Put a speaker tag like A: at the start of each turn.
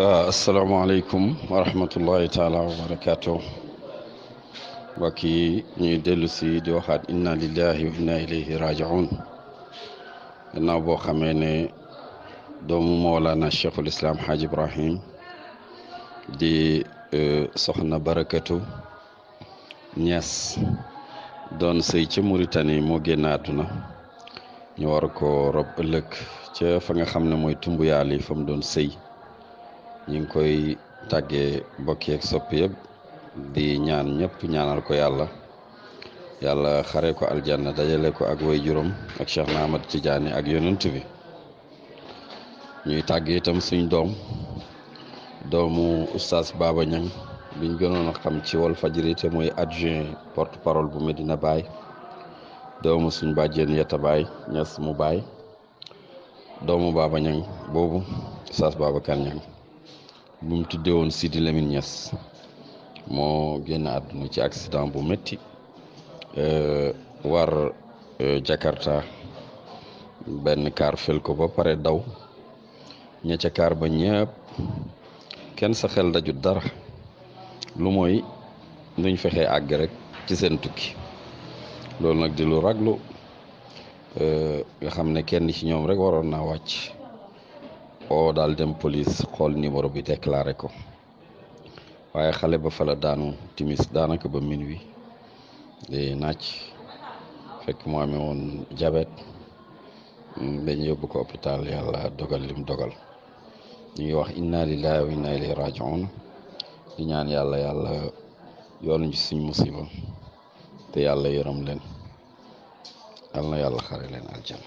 A: Ah, asalaamaaleykum wa rahmatullahi taala wa barakaatu mbokk yi ñuy dellu si di waxaat inna lillahi wa inna ilayhi rajiun gannaaw boo xamee ne doomu moolaana cheikhul islam haaj ibrahim di eh, soxna barakatu ñees doon sëy ca Mauritanie moo génn àdduna ñu war ko rob ëllëg ca fa nga xam ne mooy tumbu yaali fa mu doon sëy ñu ngi koy tàggee mbokk yeeg sopp di ñaan ñëpp ñaanal ko yàlla yàlla xare ko aljanna dajale ko ak way juróom ak Cheikh na Ahmad Tidiane ak yonent bi ñuy tàgg itam suñ doom doomu oustaz Baba ñaŋ biñ gënoon a xam ci wol fajiri te mooy adjoint porte parole bu Medina Baye doomu suñ bàjjeen yetta baay ñes mu baay doomu Baba Niang boobu oustaz Babacar Niang bu mu tuddee woon Sidi Lamine moo génn àdduna ci accident bu métti euh, war euh, Jakarta benn kaar fël ko ba pare daw ña ca kaar ba ñëpp kenn sa xel dajut dara lu mooy nuñ fexe àgg rek ci seen tukki loolu nag di lu raglu euh, nga xam ne kenn ci ñoom rek waroon naa wàcc. oo daal dem police xool numéro bi déclaré ko waaye xale ba fa la daanu timis daanaka ba minuit di naaj fekk mu amee woon jabet dañ yóbbu ko hôpital yàlla dogal lim dogal ñu ngi wax inna lillahi wa inna ilayhi ñaan yàlla yàlla yoonu ci musiba te yàlla yërëm leen yal na yàlla xare leen aljana